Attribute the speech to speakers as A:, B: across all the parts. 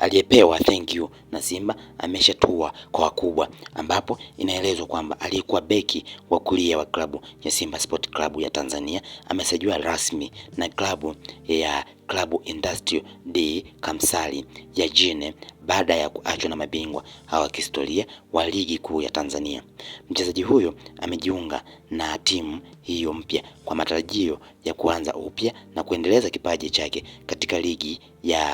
A: aliyepewa thank you na Simba ameshatua kwa wakubwa, ambapo inaelezwa kwamba aliyekuwa beki wa kulia wa klabu ya Simba Sport Club ya Tanzania amesajiliwa rasmi na klabu ya Klabu Industrial D Kamsali ya Jine baada ya kuachwa na mabingwa hawa kihistoria wa ligi kuu ya Tanzania. Mchezaji huyo amejiunga na timu hiyo mpya kwa matarajio ya kuanza upya na kuendeleza kipaji chake katika ligi ya,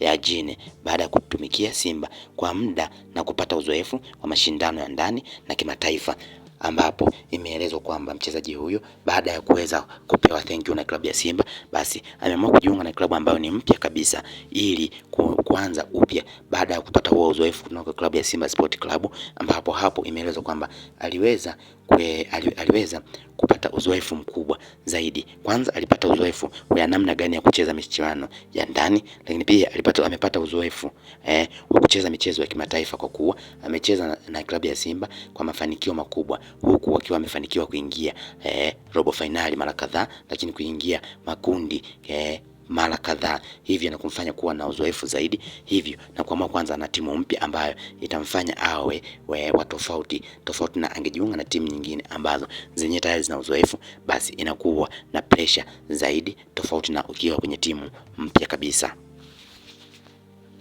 A: ya Jine baada ya kutumikia Simba kwa muda na kupata uzoefu wa mashindano ya ndani na kimataifa ambapo imeelezwa kwamba mchezaji huyo baada ya kuweza kupewa thank you na klabu ya Simba basi ameamua kujiunga na klabu ambayo ni mpya kabisa ili ku, kuanza upya baada ya kupata huo uzoefu kutoka klabu ya Simba Sport Club, ambapo hapo imeelezwa kwamba aliweza kwe, ali, aliweza kupata uzoefu mkubwa zaidi. Kwanza alipata uzoefu wa namna gani ya kucheza michuano ya ndani, lakini pia alipata amepata uzoefu eh, wa kucheza michezo ya kimataifa kwa kuwa amecheza na, na klabu ya Simba kwa mafanikio makubwa, huku akiwa amefanikiwa kuingia eh, robo fainali mara kadhaa, lakini kuingia makundi eh, mara kadhaa, hivyo na kumfanya kuwa na uzoefu zaidi, hivyo na kuamua kwanza na timu mpya ambayo itamfanya awe wa tofauti tofauti, na angejiunga na timu nyingine ambazo zenye tayari zina uzoefu, basi inakuwa na presha zaidi, tofauti na ukiwa kwenye timu mpya kabisa.